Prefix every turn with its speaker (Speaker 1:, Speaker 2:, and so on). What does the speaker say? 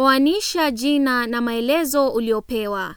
Speaker 1: Oanisha jina na maelezo uliopewa.